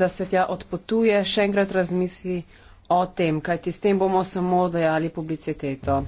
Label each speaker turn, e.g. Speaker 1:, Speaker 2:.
Speaker 1: da se tja odpotuje, še enkrat razmisli o tem, kajti s tem bomo samo dajali publiciteto.